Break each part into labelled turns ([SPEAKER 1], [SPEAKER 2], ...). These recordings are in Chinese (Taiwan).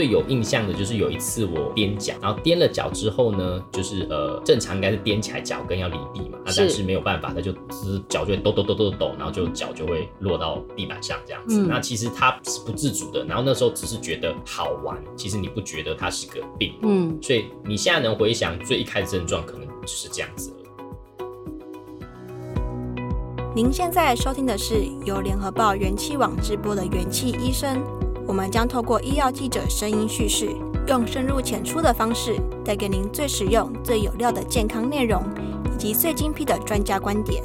[SPEAKER 1] 最有印象的就是有一次我踮腳，然後踮了腳之後呢，就是呃，正常應該是踮起來腳跟要離地嘛，是啊，但是沒有辦法，他就只腳就會抖抖抖抖抖，然後就腳就會落到地板上這樣子。那、嗯、其實它是不自主的，然後那時候只是覺得好玩，其實你不覺得它是個病。嗯，所以你現在能回想，最一開始症狀，可能就是這樣子。
[SPEAKER 2] 您現在收聽的是由聯合
[SPEAKER 3] 報元氣網直播的元氣醫生。我們將透過醫藥記者聲音敘事，用深入淺出的方式，帶給您最實用、最有料的健康內容，
[SPEAKER 2] 以及最精闢的專家觀點。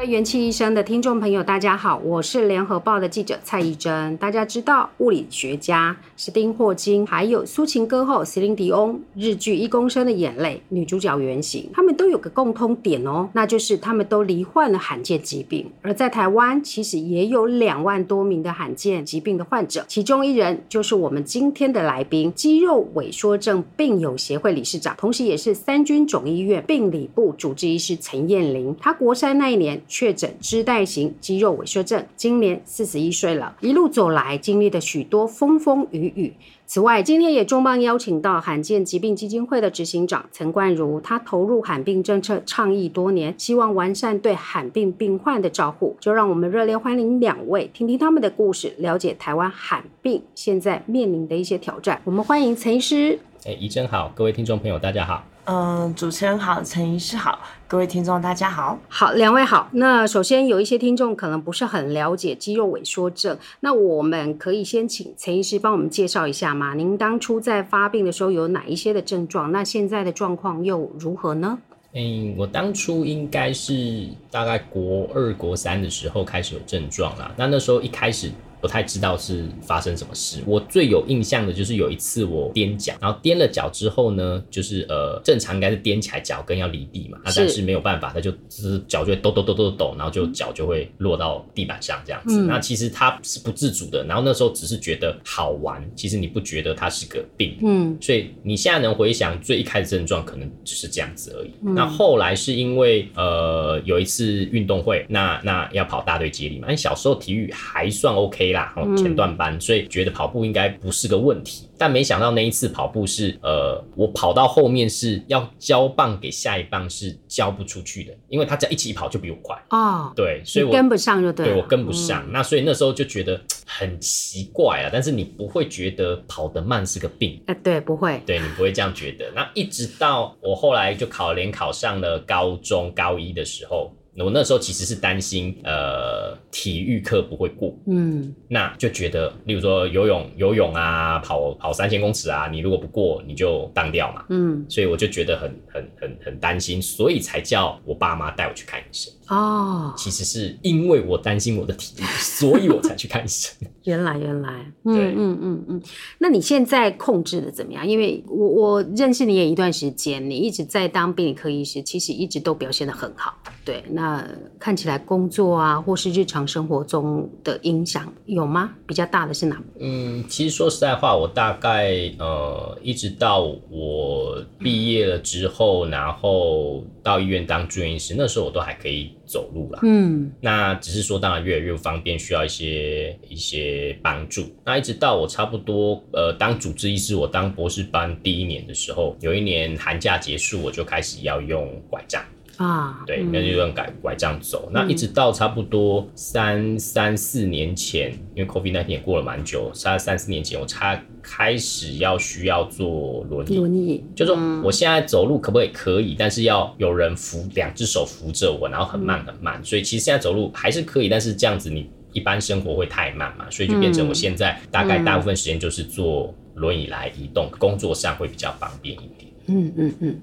[SPEAKER 2] 各位元氣醫生的聽眾朋友，大家好，我是聯合報的記者蔡怡真。大家知道物理學家史丁霍金，還有抒情歌后席琳迪翁，日劇《一公升的眼淚》女主角原型，他們都有個共通點哦，那就是他們都罹患了罕見疾病。而在台灣，其實也有兩萬多名的罕見疾病的患者，其中一人就是我們今天的來賓，肌肉萎縮症病友協會理事長，同時也是三軍總醫院病理部主治醫師陳燕麟。他國三那一年。確診肢帶型肌肉萎縮症，今年四十一歲了，一路走來經歷了許多風風雨雨。此外，今天也重磅邀請到罕見疾病基金會的執行長陳冠如。他投入罕病政策倡議多年，希望完善對罕病病患的照顧。就讓我們熱烈歡迎兩位，聽聽他們的故事，了解台灣罕病現在面臨的一些挑戰。我們歡迎陳醫師。
[SPEAKER 1] 哎、欸，怡真好，各位聽眾朋友，大家好。嗯、
[SPEAKER 2] 呃，主持人好，陳醫師好。各位聽眾，大家好。好，兩位好。那首先有一些聽眾可能不是很了解肌肉萎縮症，那我們可以先請陳醫師幫我們介紹一下嗎？您當初在發病的時候有哪一些的症狀？那現在的狀況又如何呢？
[SPEAKER 1] 嗯，我當初應該是大概國二、國三的時候開始有症狀啦。那那時候一開始。不太知道是發生什麼事。我最有印象的就是有一次我踮腳，然後踮了腳之後呢，就是呃，正常應該是踮起來腳跟要離地嘛，那是但是沒有辦法，它就就是腳就會抖抖抖抖抖，然後就腳就會落到地板上這樣子。嗯、那其實它是不自主的，然後那時候只是覺得好玩，其實你不覺得它是個病。嗯，所以你現在能回想最一開始症狀可能就是這樣子而已。嗯、那後來是因為呃有一次運動會，那那要跑大隊接力嘛，因、欸、為小時候體育還算 OK，啦，好，前段班，所以覺得跑步應該不是個問題，嗯、但沒想到那一次跑步是，呃，我跑到後面是要交棒給下一棒，是交不出去的，因為他只要一起一跑就比我快哦，對，所以我跟不上就對了，對我跟不上，嗯、那所以那時候就覺得很奇怪啊，但是你不會覺得跑得慢是個病，
[SPEAKER 2] 哎、呃，對，不會，對你
[SPEAKER 1] 不會這樣覺得，那一直到我後來就考聯考上了高中高一的時候。我那時候其實是擔心，呃，體育課不會過，嗯，那就覺得，例如說游泳、游泳啊，跑跑三千公尺啊，你如果不過，你就當掉嘛，嗯，所以我就覺得很很很很擔心，所以才叫我爸媽帶我去看醫生。
[SPEAKER 2] 哦，
[SPEAKER 1] 其實是因為我擔心我的體力，所以我才去看醫生。 原
[SPEAKER 2] 來原來，原來，對，嗯嗯嗯嗯。那你現在控制的怎麼樣？因為我我認識你也一段時間，你一直在當病理科醫師，其實一直都表現的很好。對，那看起來工作啊，或是日常生活中的影響有嗎？比較大的是哪？嗯，其
[SPEAKER 1] 實說實在話，我大概呃，一直到我畢業了之後，嗯、然後到醫院當住院醫師，那時候我都還可以。走路啦，嗯，那只是說，當然越來越方便，需要一些一些幫助。那一直到我差不多，呃，當主治醫師，我當博士班第一年的時候，有一年寒假結束，我就開始要用拐杖。
[SPEAKER 2] 啊，對，那就只能
[SPEAKER 1] 拐拐杖走。嗯、那一直到差不多三三四年前，因為 COVID 那天也過了蠻久，差三四年前，我才開始要需要坐輪椅。輪椅、嗯，就說我現在走路可不可以？可以、嗯，但是要有人扶，兩只手扶着我，然後很慢很慢。嗯、所以其實現在走路還是可以，但是這樣子你一般生活會太慢嘛，所以就變成我現在大概大部分時間就是坐輪椅來移動，嗯、工作上會比較方便一點。嗯嗯
[SPEAKER 2] 嗯。嗯嗯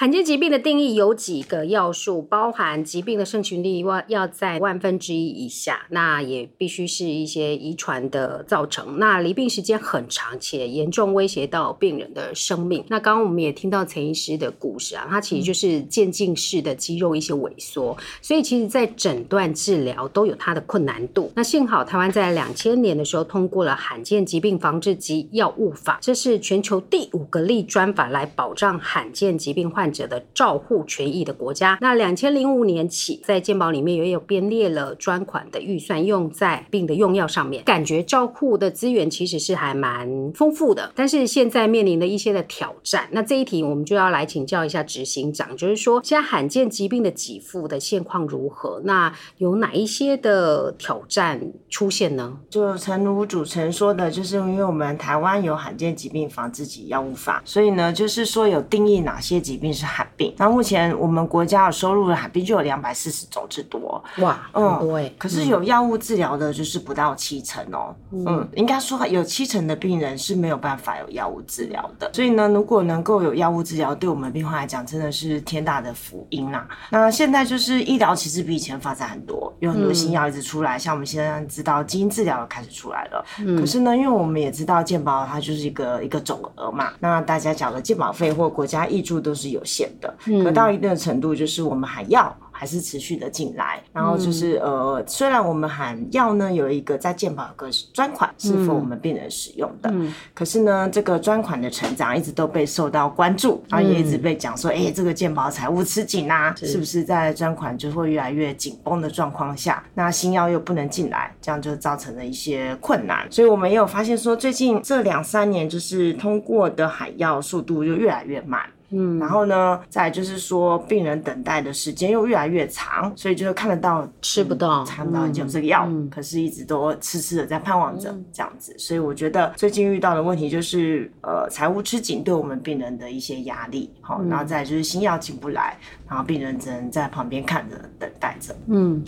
[SPEAKER 2] 罕見疾病的定義有幾個要素，包含疾病的盛行率要在萬分之一以下，那也必須是一些遺傳的造成，那離病時間很長且嚴重威脅到病人的生命。那剛剛我們也聽到陳醫師的故事啊，他其實就是漸進式的肌肉一些萎縮，所以其實在診斷治療都有它的困難度。那幸好台灣在兩千年的時候通過了罕見疾病防治及藥物法，這是全球第五個立專法來保障罕見疾病患。者的照護權益的國家，那二千零五年起，在健保裡面也有編列了專款的預算，用在病的用藥上面，感覺照護的資源其實是還蠻豐富的，但是現在面臨的一些的挑戰，那這一題我們就要來請教一下執行長，就是說現在罕見疾病的給付的現況如何？那有哪一些的挑戰出現呢？就誠如主持人說的，就是因為我
[SPEAKER 3] 們台灣有罕見疾病防治及藥物法，所以呢，就是說有定義哪些疾病。是罕病，那目前我們國家有收入的罕病就有兩百四十種之多。哇，嗯，對、欸。可是有藥物治療的就是不到七成哦，嗯，嗯，應該說有七成的病人是沒有辦法有藥物治療的。所以呢，如果能夠有藥物治療，對我們病患來講真的是天大的福音啦、啊。那現在就是醫療其實比以前發展很多。有很多新藥一直出來，嗯、像我們現在知道基因治療開始出來了。嗯、可是呢，因為我們也知道，健保它就是一個一個總額嘛，那大家繳的健保費或國家挹注都是有限的，嗯、可到一定的程度，就是我們還要。還是持續的進來，然後就是、嗯、呃，雖然我們罕藥呢有一個在健保個專款支付我們病人使用的，嗯嗯、可是呢，這個專款的成長一直都被受到關注，然後也一直被講說，哎、嗯欸，這個健保財務吃緊啦、啊，是，是不是在專款就會越來越緊繃的狀況下，那新藥又不能進來，這樣就造成了一些困難。所以我們也有發現說，最近這兩三年就是通過的罕藥速度就越來越慢。嗯，然後呢，再來就是說，病人等待的時間又越來越長，所以就是看得到吃不到、嗯、嚐不到有這個藥，嗯、可是一直都癡癡的在盼望着、嗯、這樣子。所以我覺得最近遇到的問題就是，呃，財務吃緊，對我們病人的一些壓力。然後再就是新藥進不來，嗯、然後病人只能在旁邊看着等待着。嗯，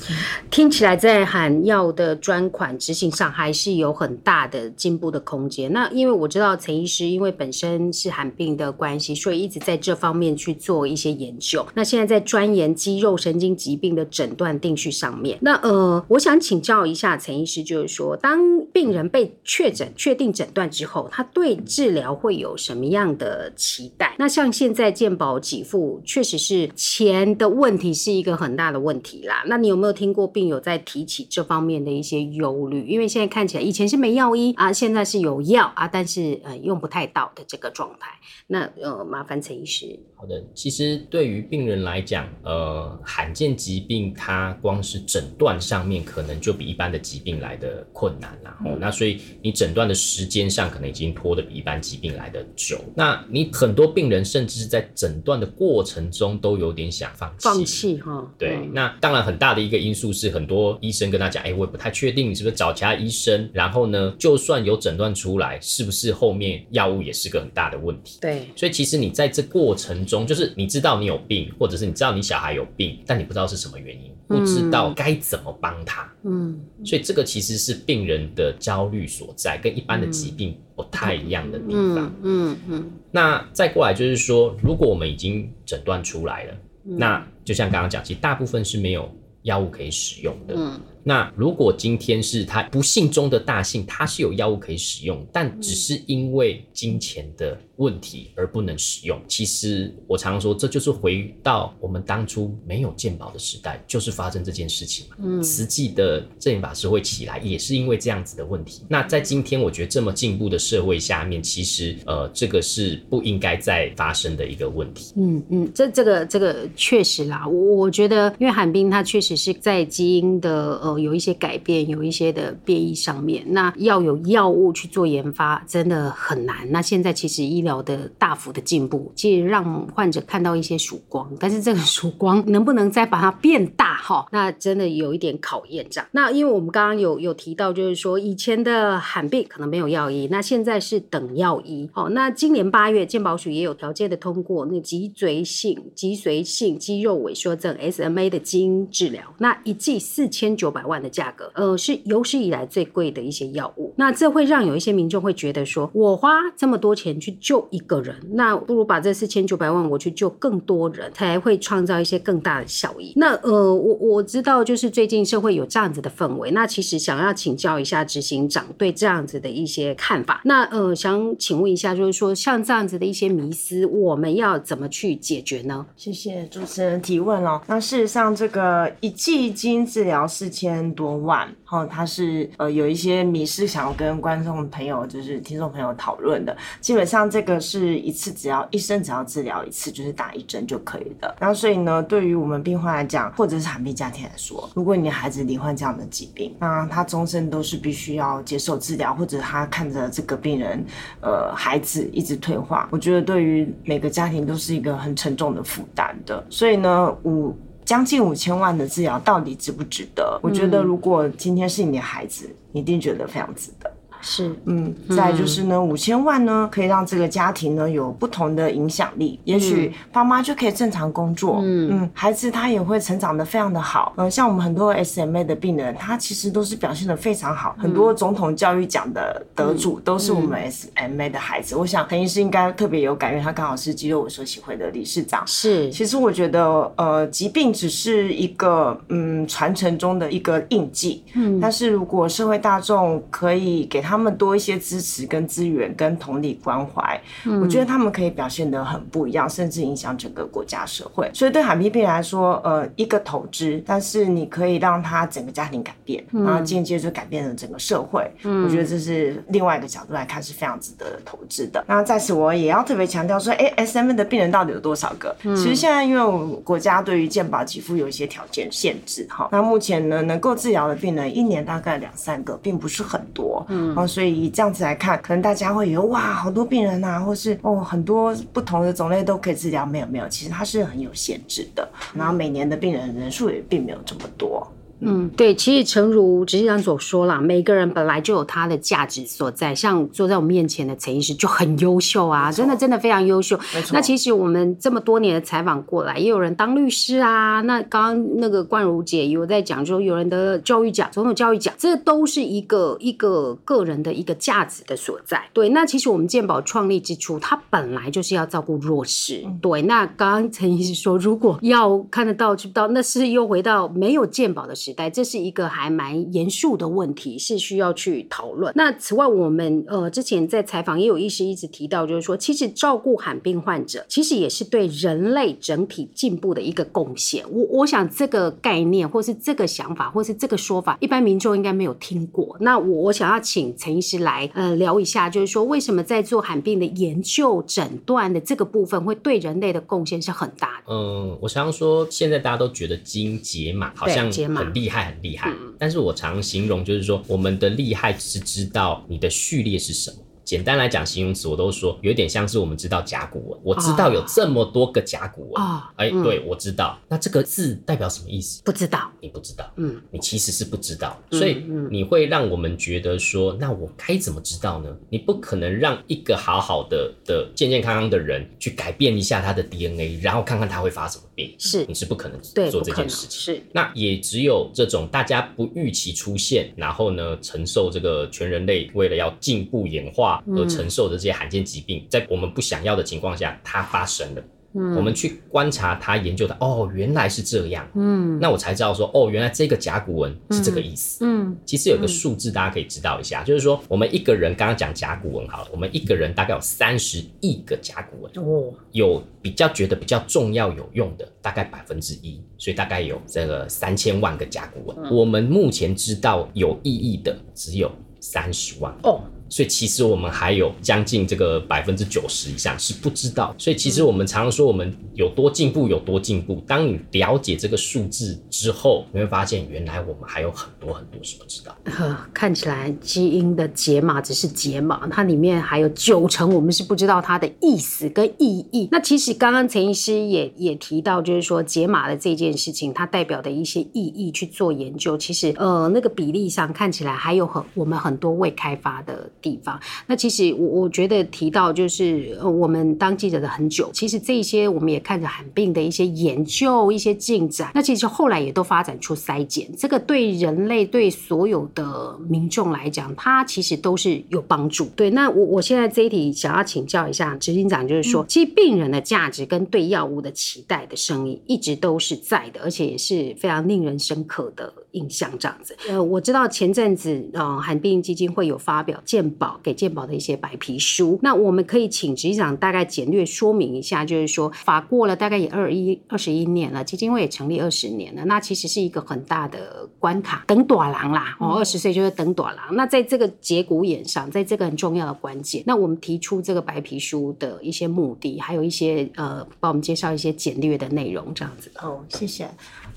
[SPEAKER 2] 聽起來在罕藥的專款執行上還是有很大的進步的空間。那因為我知道陳醫師，因為本身是罕病的關係，所以一直在這方面去做一些研究。那現在在鑽研肌肉神經疾病的診斷定序上面。那呃，我想請教一下陳醫師，就是說，當病人被確診、嗯、確定診斷之後，他對治療會有什麼樣的期待？那像現在。健保給付確實是錢的問題，是一個很大的問題啦。那你有沒有聽過病友在提起這方面的一些憂慮？因為現在看起來，以前是沒藥醫啊，現在是有藥啊，但是呃用不太到的這個狀態。那呃，麻煩陳醫師。好的，其
[SPEAKER 1] 實對於病人來講，呃，罕見疾病它，光是診斷上面可能就比一般的疾病來的困難啦。嗯、哦，那所以你診斷的時間上可能已經拖得比一般疾病來的久。那你很多病人甚至是在診斷的過程中都有點想放棄，放
[SPEAKER 2] 棄哈。哦、對，嗯、
[SPEAKER 1] 那當然很大的一個因素是很多醫生跟他講，哎，我也不太確定你是不是找其他醫生，然後呢，就算有診斷出來，是不是後面藥物也是個很大的問題。對，所以其實你在這過程。中就是你知道，你有病，或者是你知道你小孩有病，但你不知道是什麼原因，不知道該怎麼幫他。嗯，嗯，所以這個其實是病人的焦慮所在，跟一般的疾病不太一樣的地方。嗯嗯，嗯
[SPEAKER 2] 嗯嗯，
[SPEAKER 1] 那再過來就是說，如果我們已經診斷出來了，那就像剛剛講，其實大部分是沒有藥物可以使用的。嗯。那如果今天是他不幸中的大幸，他是有藥物可以使用，但只是因為金錢的問題而不能使用。嗯、其實我常常說，這就是回到我們當初沒有健保的時代，就是發生這件事情嘛。嗯，實際的證嚴法師會起來也是因為這樣子的問題。那在今天，我覺得這麼進步的社會下面，其實呃，這個是不應該再發生的一個問題。
[SPEAKER 2] 嗯嗯，這這個這個確實啦，我我覺得，因為罕病他確實是在基因的。呃有一些改變，有一些的變異上面，那要有藥物去做研發，真的很難。那現在其實醫療的大幅的進步，其實讓患者看到一些曙光。但是這個曙光能不能再把它變大哈？那真的有一點考驗這樣。那因為我們剛剛有有提到，就是說以前的罕病可能沒有藥醫，那現在是等藥醫。哦，那今年八月，健保署也有條件的通過那脊髓性脊髓性肌肉萎縮症 （SMA） 的基因治療，那一劑四千九百。百萬的價格，呃，是有史以來最貴的一些藥物。那這會讓有一些民眾會覺得說，我花這麼多錢去救一個人，那不如把這四千九百萬我去救更多人，才會創造一些更大的效益。那呃，我我知道就是最近社會有這樣子的氛圍。那其實想要請教一下執行長對這樣子的一些看法。那呃，想請問一下，就是說像這樣子的一些迷思，我們要怎麼去解決呢？謝謝
[SPEAKER 3] 主持人提問哦。那事實上，這個一劑金治療四千。千多萬，然後他是呃有一些迷思，想要跟觀眾朋友，就是聽眾朋友討論的。基本上這個是一次只要一生只要治療一次，就是打一針就可以的。然後所以呢，對於我們病患來講，或者是罕病家庭來說，如果你的孩子罹患這樣的疾病，那他終身都是必須要接受治療，或者他看着這個病人呃孩子一直退化，我覺得對於每個家庭都是一個很沉重的負擔的。所以呢，我。將近五千萬的治療到底值不值得？嗯、我覺得，如果今天是你的孩子，你一定覺得非常值得。是，嗯，再就是呢，嗯、五千萬呢可以讓這個家庭呢有不同的影響力，嗯、也許爸媽就可以正常工作，嗯嗯，孩子他也會成長得非常的好，嗯，像我們很多 SMA 的病人，他其實都是表現得非常好，嗯、很多總統教育獎的得主都是我們 SMA 的孩子，嗯嗯、我想陳醫師應該特別有感，因為他剛好是肌肉萎縮協會的理事長。是，其實我覺得，呃，疾病只是一個嗯傳承中的一個印記，嗯，但是如果社會大眾可以給他。他們多一些支持跟資源跟同理關懷，嗯、我覺得他們可以表現得很不一樣，甚至影響整個國家社會。所以對罕病病人來說，呃，一個投資，但是你可以讓他整個家庭改變，然後間接就改變了整個社會。嗯、我覺得這是另外一個角度來看是非常值得投資的。那在此我也要特別強調說，哎、欸，S M 的病人到底有多少個？嗯、其實現在因為我們國家對於健保給付有一些條件限制哈，那目前呢能夠治療的病人一年大概兩三個，並不是很多。嗯所以以這樣子來看，可能大家會以為哇，好多病人吶、啊，或是哦，很多不同的種類都可以治療。沒有沒有，其實它
[SPEAKER 2] 是很有限制的，然後每年的病人、嗯、人數也並沒有這麼多。嗯，對，其實誠如執行長所說啦，每個人本來就有他的價值所在。像坐在我面前的陳醫師就很優秀啊，沒錯，真的真的非常優秀。沒錯。那其實我們這麼多年的採訪過來，也有人當律師啊。那剛剛那個冠如姐有在講說，說有人得教育獎，總統教育獎，這都是一個一個個人的一個價值的所在。對，那其實我們健保創立之初，它本來就是要照顧弱勢。嗯、對，那剛剛陳醫師說，如果要看得到吃不到，那是又回到沒有健保的時這是一個還蠻嚴肅的問題，是需要去討論。那此外，我們呃之前在採訪也有醫師一直提到，就是說，其實照顧罕病患者，其實也是對人類整體進步的一個貢獻。我我想這個概念，或是這個想法，或是這個說法，一般民眾應該沒有聽過。那我我想要請陳醫師來呃聊一下，就是說，為什麼在做罕病的研究、診斷的這個部分，會對人類的貢獻是很大
[SPEAKER 1] 的？嗯，我常常說，現在大家都覺得基因解碼好像很厲害很厲害，嗯，但是我常形容就是說，我們的厲害只是知道你的序列是什麼。簡單來講，形容詞我都說，有點像是我們知道甲骨文，我知道有這麼多個甲骨文啊，哎，對，我知道，那這個字代表什麼意思？不知道，你不知道，嗯，你其實是不知道，所以你會讓我們覺得說，那我該怎麼知道呢？你不可能讓一個好好的的健健康康的人去改變一下他的 DNA，然後看看他會發什麼病，是，你是不可能做對這件事情，情。是。那也只有這種大家不預期出現，然後呢，承受這個全人類為了要進步演化。而承受的這些罕見疾病，嗯、在我們不想要的情況下，它發生了。嗯，我們去觀察它研究的，哦，原來是這樣。嗯，那我才知道說，哦，原來這個甲骨文是這個意思。嗯，嗯其實有一個數字大家可以知道一下，嗯、就是說我們一個人剛剛講甲骨文好了，我們一個人大概有三十億個甲骨文。哦、有比較覺得比較重要有用的大概百分之一，所以大概有這個三千萬個甲骨文。嗯、我們目前知道有意義的只有三十萬。哦。所以其實我們還有將近這個百分之九十以上是不知道。所以其實我們常常說我們有多進步，有多進步。當你了解這個數字之後，你會發現原來我們還有很
[SPEAKER 2] 多很多是不知道。呵，看起來基因的解碼只是解碼，它裡面還有九成我們是不知道它的意思跟意義。那其實剛剛陳醫師也也提到，就是說解碼的這件事情，它代表的一些意義去做研究。其實呃，那個比例上看起來還有很我們很多未開發的地方，那其實我我覺得提到就是呃，我們當記者的很久，其實這一些我們也看着罕病的一些研究、一些進展。那其實後來也都發展出篩檢，這個對人類，對所有的民眾來講，它其實都是有幫助。對，那我我現在這一題想要請教一下執行長，就是說，嗯、其實病人的價值跟對藥物的期待的聲音一直都是在的，而且也是非常令人深刻的。印象這樣子，呃，我知道前陣子，呃、嗯，罕病基金會有發表健保給健保的一些白皮書，那我們可以請執行長大概簡略說明一下，就是說法過了大概也二一二十一年了，基金會也成立二十年了，那其實是一個很大的關卡，轉大人啦，哦，二十歲就是轉大人，嗯、那在這個節骨眼上，在這個很重要的關鍵那我們提出這個白皮書的一些目的，還有一些呃，幫我們介紹一些簡略的內容，這樣子。哦，謝謝。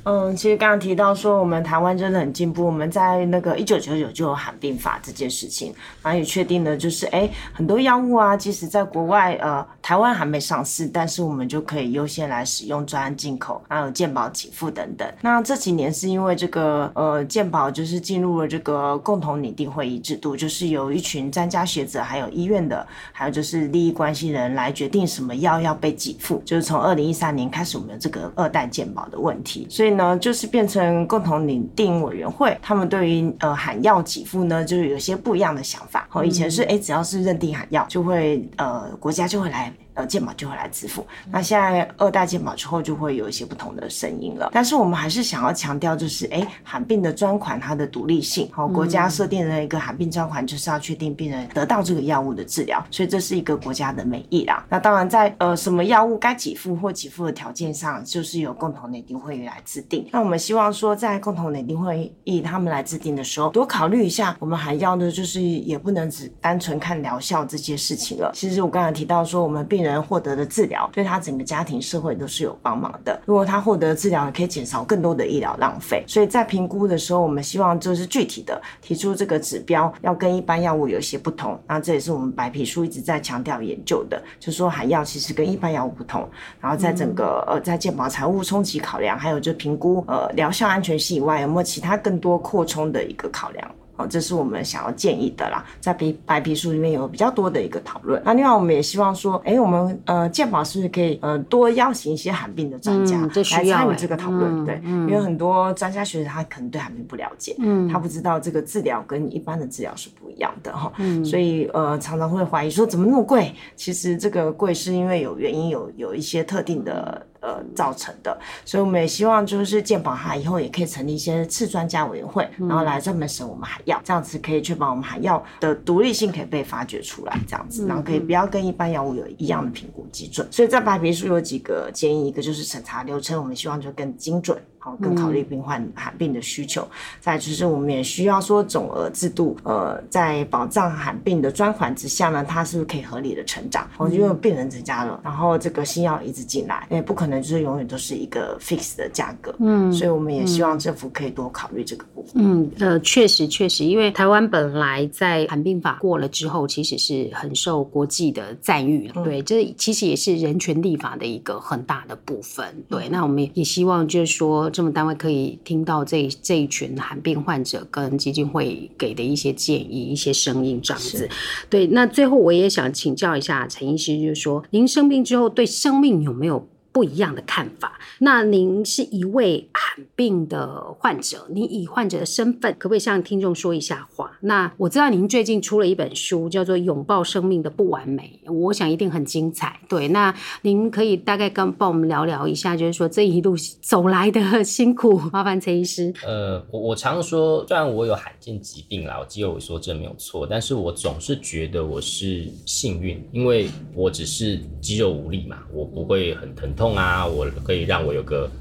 [SPEAKER 2] 嗯，其實剛剛提到說我們台灣.台灣真的很進步。我
[SPEAKER 3] 們在那個一九九九就有罕病法這件事情，然後也確定了就是，哎、欸，很多藥物啊，即使在國外，呃，台灣還沒上市，但是我們就可以優先來使用專案進口，還有健保給付等等。那這幾年是因為這個，呃，健保就是進入了這個共同擬定會議制度，就是由一群專家學者，還有醫院的，還有就是利益關係人來決定什麼藥要，要被給付。就是從二零一三年開始，我們有這個二代健保的問題，所以呢，就是變成共同領。電影委員會，他們對於呃罕藥給付呢，就是有些不一樣的想法。哦，以前是哎、嗯嗯欸，只要是認定罕藥，就會呃國家就會來。呃，健保就會來支付。那現在二代健保之後，就會有一些不同的聲音了。但是我們還是想要強調，就是誒，罕病的專款它的獨立性。好、哦，國家設定的一個罕病專款，就是要確定病人得到這個藥物的治療，所以這是一個國家的美意啦。那當然在，在呃什麼藥物該給付或給付的條件上，就是由共同擬訂會議來制定。那我們希望說，在共同擬訂會議他們來制定的時候，多考慮一下。我們罕藥呢，就是也不能只單純看療效這些事情了。其實我剛才提到說，我們病人獲得的治療，對他整個家庭、社會都是有幫忙的。如果他獲得治療，可以減少更多的醫療浪費。所以在評估的時候，我們希望就是具體的提出這個指標要跟一般藥物有一些不同。那這也是我們白皮書一直在強調研究的，就說罕藥其實跟一般藥物不同。嗯、然後在整個、嗯、呃在健保財務衝擊考量，還有就評估呃療效安全性以外，有沒有其他更多擴充的一個考量？哦，這是我們想要建議的啦，在白皮書裡面有比較多的一個討論。那另外，我們也希望說，哎，我們呃健保是不是可以呃多邀請一些罕見病的專家來參與這個討論？嗯、欸、對，嗯、因為很多專家學者他可能對罕見病不了解，嗯、他不知道這個治療跟一般的治療是不一樣的哈。嗯、所以呃常常會懷疑說，怎麼那麼貴？其實這個貴是因為有原因有，有有一些特定的。呃，造成的，所以我們也希望就是健保它以後也可以成立一些次專家委員會，嗯、然後來專門審我們罕藥，這樣子可以確保我們罕藥的獨立性可以被發掘出來，這樣子，然後可以不要跟一般藥物有一樣的評估基準。嗯、所以在白皮書有幾個建議，一個就是審查流程，我們希望就更精準，好更考慮病患罕病的需求。嗯、再就是我們也需要說總額制度，呃，在保障罕病的專款之下呢，它是不是可以合理的成長？因為病人增加了，然後這個新藥一直進來，也不可能。就是永遠
[SPEAKER 2] 都是一個 fix 的價格，嗯，所以我們也希望政府可以多考慮這個部分。嗯，的嗯，呃，確實確實，因為台灣本來在罕病法過了之後，其實是很受國際的讚譽。嗯、對，這其實也是人權立法的一個很大的部分。嗯、對，那我們也希望就是說，政府單位可以聽到這這一群罕病患者跟基金會給的一些建議、嗯、一些聲音，這樣子。是對，那最後我也想請教一下陳醫師，就是說，您生病之後對生命有沒有不一樣的看法。那您是一位罕病的患者，您以患者的身份，可不可以向聽眾說一下話？那我知道您最近出了一本書，叫做《擁抱生命的不完美》，我想一定很精彩。對，那您可以大概跟幫我們聊聊一下，就是說這一路走來的辛苦。麻煩陳醫師。
[SPEAKER 1] 呃，我我常說，雖然我有罕見疾病啦，我肌肉萎縮症沒有錯，但是我總是覺得我是幸運，因為我只是肌肉無力嘛，我不會很疼痛。痛啊！我可以讓我有個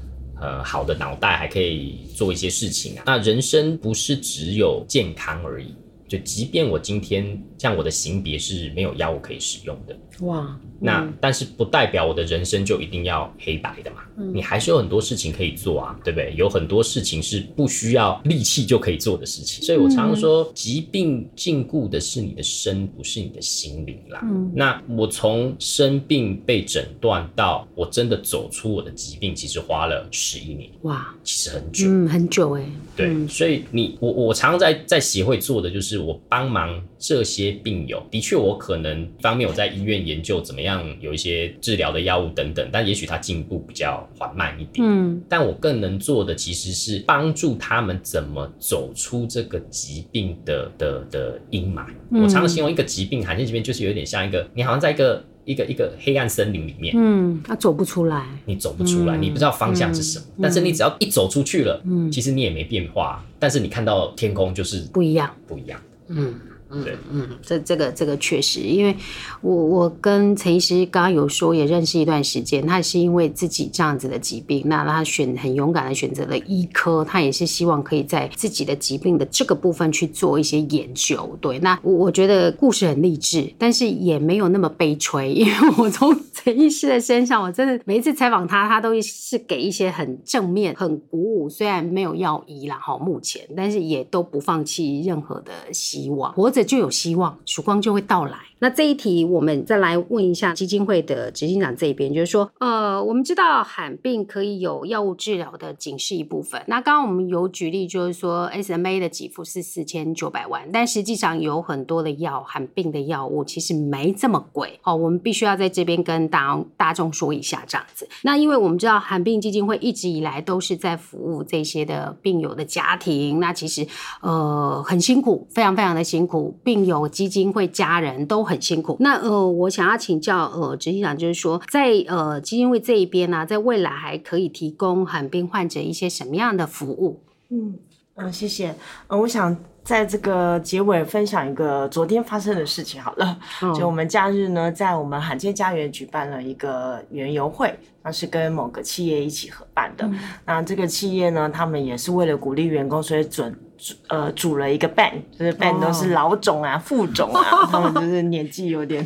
[SPEAKER 1] 呃好的腦袋，還可以做一些事情啊。那人生不是只有健康而已，就即便我今天像我的型別，是沒有藥物可以使用的。哇，嗯、那但是不代表我的人生就一定要黑白的嘛，嗯，你還是有很多事情可以做啊，對不對？有很多事情是不需要力氣就可以做的事情。所以我常說，嗯、疾病禁錮的是你的身，不是你的心靈啦。嗯，那我從生病被診斷到我真的走出我的疾病，其實花了十一年。
[SPEAKER 2] 哇，其實很久，嗯、很久哎、欸。對，嗯、所以
[SPEAKER 1] 你我我常常在在協會做的就是我幫忙這些病友。的確，我可能一方面我在醫院也。研究怎麼樣有一些治療的藥物等等，但也許它進步比較緩慢一點。嗯，但我更能做的其實是幫助他們怎麼走出這個疾病的的的陰霾。嗯、我常常形容一個疾病，罕見疾病就是有點像一個，你好像在一個一個一個黑暗森林裡面，
[SPEAKER 2] 嗯，他走不出來，
[SPEAKER 1] 你走不出來，嗯、你不知道方向是什麼。嗯嗯、但是你只要一走出去了，嗯，其實你也沒變化，但是你看到天空就是不一樣，
[SPEAKER 2] 不一樣，不一樣，嗯。嗯嗯，這這個這個確實，因為我我跟陳醫師剛剛有說，也認識一段時間，他是因為自己這樣子的疾病，那他選很勇敢的選擇了醫科，他也是希望可以在自己的疾病的這個部分去做一些研究。對，那我我覺得故事很勵志，但是也沒有那麼悲催，因為我從陳醫師的身上，我真的每一次採訪他，他都是給一些很正面、很鼓舞，雖然沒有藥醫啦哈，目前，但是也都不放棄任何的希望，就有希望，曙光就會到來。那這一題，我們再來問一下基金會的執行長這一邊，就是說，呃，我們知道罕病可以有藥物治療的僅是一部分。那剛剛我們有舉例，就是說 SMA 的給付是四千九百萬，但實際上有很多的藥，罕病的藥物其實沒這麼貴。哦、呃，我們必須要在這邊跟大大眾說一下這樣子。那因為我們知道，罕病基金會一直以來都是在服務這些的病友的家庭，那其實呃很辛苦，非常非常的辛苦。病友基金會家人都很。很辛苦。那呃，我想要請教呃，執行長，就是說，在呃基金會這一邊呢、啊，在未來還可以提供罕病患者一些什麼樣的服務？嗯嗯、
[SPEAKER 3] 啊，謝謝。呃、嗯，我想。在這個結尾分享一個昨天發生的事情好了，嗯、就我們假日呢，在我們罕見家園舉辦了一個園遊會，那是跟某個企業一起合辦的。嗯、那這個企業呢，他們也是為了鼓勵員工，所以準呃組了一個 band，就是 band 都是老總啊、哦、副總啊，然後就是年紀有點，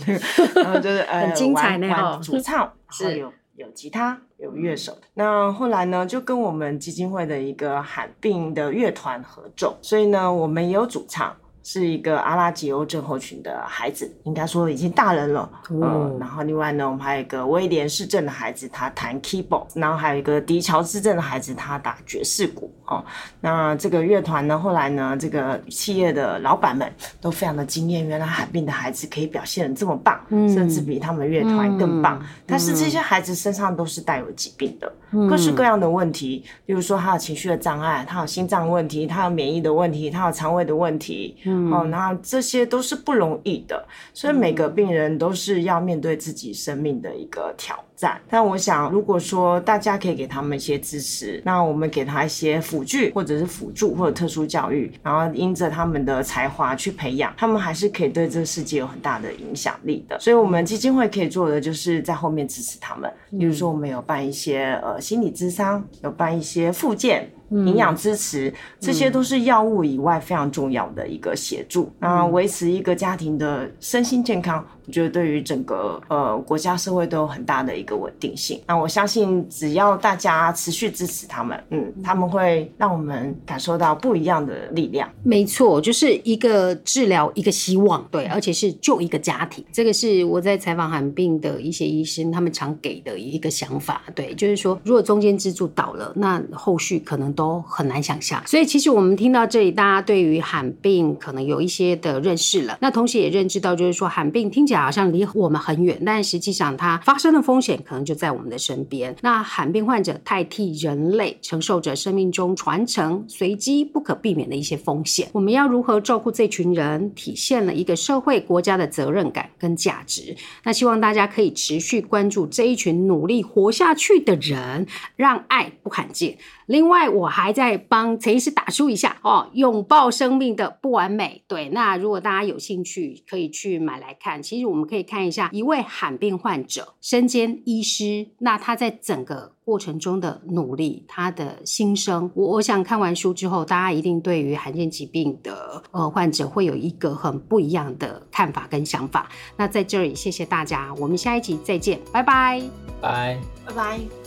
[SPEAKER 3] 那個就是呃，很精彩那種，主唱、哦、有是有有吉他。有樂手的，嗯，那後來呢，就跟我們基金會的一個罕病的樂團合作。所以呢，我們也有主唱。是一個阿拉吉歐症候群的孩子，應該說已經大人了。嗯、呃，然後另外呢，我們還有一個威廉氏症的孩子，他彈 keyboard，然後還有一個迪喬氏症的孩子，他打爵士鼓。哦，那這個樂團呢，後來呢，這個企業的老板們都非常的驚豔，原來罕病的孩子可以表現得這麼棒，嗯、甚至比他們樂團更棒。嗯、但是這些孩子身上都是帶有疾病的，嗯、各式各樣的問題，比如說他有情緒的障礙，他有心臟問題，他有免疫的問題，他有腸胃的問題。嗯嗯、哦，那這些都是不容易的，所以每個病人都是要面對自己生命的一個挑戰。但我想，如果說大家可以給他們一些支持，那我們給他一些輔具或者是輔助或者特殊教育，然後因着他們的才華去培養，他們還是可以對這個世界有很大的影響力的。所以，我們基金會可以做的就是在後面支持他們，比如說我們有辦一些呃心理諮商，有辦一些復健。營養支持，嗯，這些都是藥物以外非常重要的一個協助，啊，嗯，維持一個家庭的身心健康。我覺得對於整個呃國家社會都有很大的一個穩定性。那我相信，只要大家持續支持他們，嗯，他們會讓我們感受到不一樣的力量。
[SPEAKER 2] 沒錯，就是一個治療，一個希望。對，而且是救一個家庭。嗯、這個是我在採訪罕病的一些醫生，他們常給的一個想法。對，就是說，如果中間支柱倒了，那後續可能都很難想象。所以，其實我們聽到這裡，大家對於罕病可能有一些的認識了。那同時也認知到，就是說，罕病聽起來。好像離我們很遠，但實際上它發生的風險可能就在我們的身邊。那罕病患者代替人類承受着生命中傳承、隨機、不可避免的一些風險，我們要如何照顧這群人，體現了一個社會、國家的責任感跟價值？那希望大家可以持續關注這一群努力活下去的人，讓愛不罕見。另外，我還在幫陳醫師打書一下哦，《擁抱生命的不完美》。對，那如果大家有興趣，可以去買來看。其實我們可以看一下一位罕病患者身兼醫師，那他在整個過程中的努力，他的心聲。我我想看完書之後，大家一定對於罕見疾病的呃患者會有一個很不一樣的看法跟想法。那在這裡，謝謝大家，我們下一集再見，拜拜，拜拜拜。